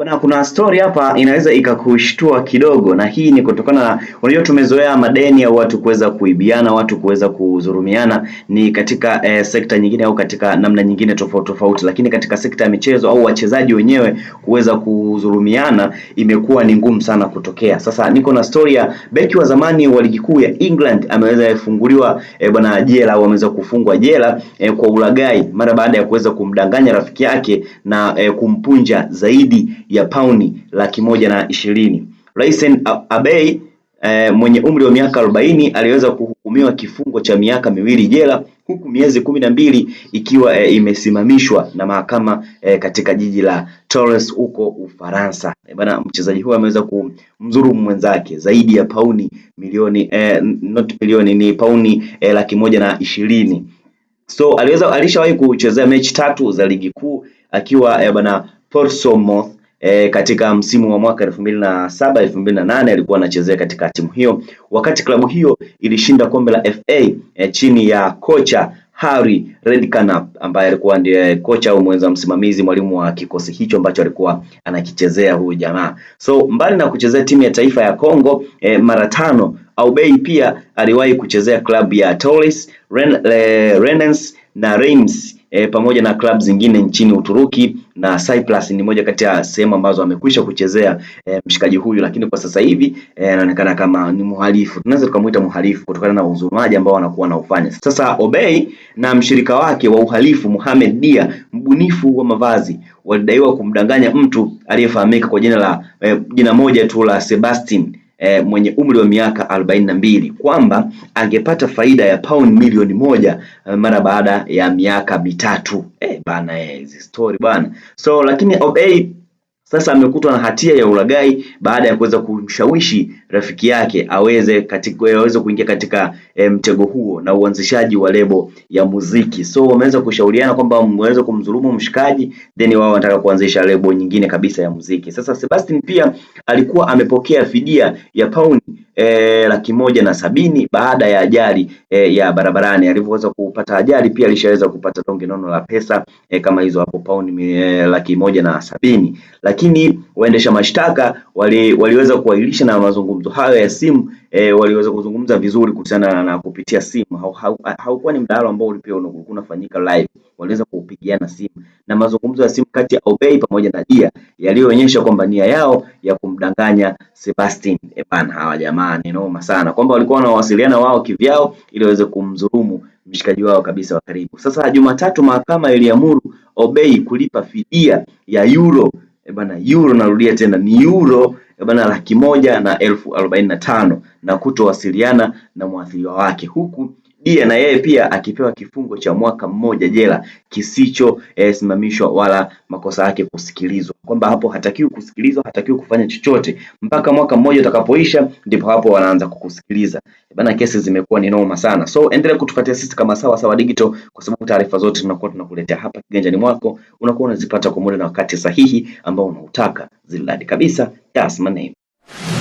Bana, kuna story hapa inaweza ikakushtua kidogo, na hii ni kutokana na unajua, tumezoea madeni ya watu kuweza kuibiana, watu kuweza kudhulumiana ni katika eh, sekta nyingine au katika namna nyingine tofauti tofauti, lakini katika sekta ya michezo au wachezaji wenyewe kuweza kudhulumiana imekuwa ni ngumu sana kutokea. Sasa niko na story ya beki wa zamani wa ligi kuu ya England ameweza kufunguliwa eh, bwana jela au ameweza kufungwa jela eh, kwa ulagai mara baada ya kuweza kumdanganya rafiki yake na eh, kumpunja zaidi ya pauni laki moja na ishirini. Rais Abey e, eh, mwenye umri wa miaka arobaini aliweza kuhukumiwa kifungo cha miaka miwili jela huku miezi kumi na mbili ikiwa e, imesimamishwa na mahakama e, katika jiji la Torres huko Ufaransa. E, bana mchezaji huyo ameweza kumzuru mwenzake zaidi ya pauni milioni e, not milioni ni pauni e, laki moja na ishirini. So aliweza alishawahi kuchezea mechi tatu za ligi kuu akiwa e, bana Portsmouth e, katika msimu wa mwaka 2007 2008 alikuwa anachezea katika timu hiyo, wakati klabu hiyo ilishinda kombe la FA e, chini ya kocha Harry Redknapp ambaye alikuwa ndiye kocha au mwenza msimamizi mwalimu wa kikosi hicho ambacho alikuwa anakichezea huyu jamaa. So mbali na kuchezea timu ya taifa ya Kongo e, mara tano, Aubey pia aliwahi kuchezea klabu ya Toulouse, Rennes na Reims e, pamoja na klabu zingine nchini Uturuki na Cyprus ni moja kati ya sehemu ambazo amekwisha kuchezea e, mshikaji huyu, lakini kwa sasa hivi e, anaonekana e, kama ni mhalifu, tunaweza tukamuita mhalifu kutokana na uzumaji ambao anakuwa wanaufanya Sasa Obey na mshirika wake wa uhalifu Mohamed Dia, mbunifu wa mavazi, walidaiwa kumdanganya mtu aliyefahamika kwa jina la e, jina moja tu la Sebastian e, mwenye umri wa miaka arobaini na mbili kwamba angepata faida ya pauni milioni moja eh, mara baada ya miaka mitatu. Eh, bana, e, story bana. So lakini Obey sasa amekutwa na hatia ya ulagai baada ya kuweza kumshawishi rafiki yake aweze katika, aweze kuingia katika eh, mtego huo na uanzishaji wa lebo ya muziki. So wameweza kushauriana kwamba wameweza kumdhulumu mshikaji, then wao wanataka kuanzisha lebo nyingine kabisa ya muziki. Sasa Sebastian pia alikuwa amepokea fidia ya pauni e, laki moja na sabini baada ya ajali e, ya barabarani. Alivyoweza kupata ajali pia alishaweza kupata donge nono la pesa e, kama hizo hapo pauni e, laki moja na sabini, lakini waendesha mashtaka wali, waliweza kuahirisha na mazungumzo hayo ya simu e, waliweza kuzungumza vizuri kuhusiana na, kupitia simu. Haukuwa hau, hau, ni mdahalo ambao ulikuwa unafanyika live waliweza kupigiana simu na mazungumzo ya simu kati ya Obey pamoja na Dia yaliyoonyesha kwamba nia yao ya kumdanganya Sebastian. E bana, hawa jamaa ni noma sana, kwamba walikuwa wanawasiliana wao kivyao ili waweze kumdhulumu mshikaji wao kabisa wa karibu. Sasa Jumatatu mahakama iliamuru Obey kulipa fidia ya euro e bana, euro narudia tena ni euro e bana, laki moja na elfu arobaini na tano na kutowasiliana na mwathiriwa wake huku Dia na yeye pia akipewa kifungo cha mwaka mmoja jela kisichosimamishwa eh, wala makosa yake kusikilizwa, kwamba hapo hatakiwi kusikilizwa, hatakiwi kufanya chochote mpaka mwaka mmoja utakapoisha, ndipo hapo wanaanza kukusikiliza bana. Kesi zimekuwa ni noma sana, so endelea kutufuatia sisi kama Sawa Sawa Digital, kwa sababu taarifa zote tunakuwa tunakuletea hapa kiganjani mwako, unakuwa unazipata kwa muda na wakati sahihi ambao unautaka. Ziladi kabisa, that's my name.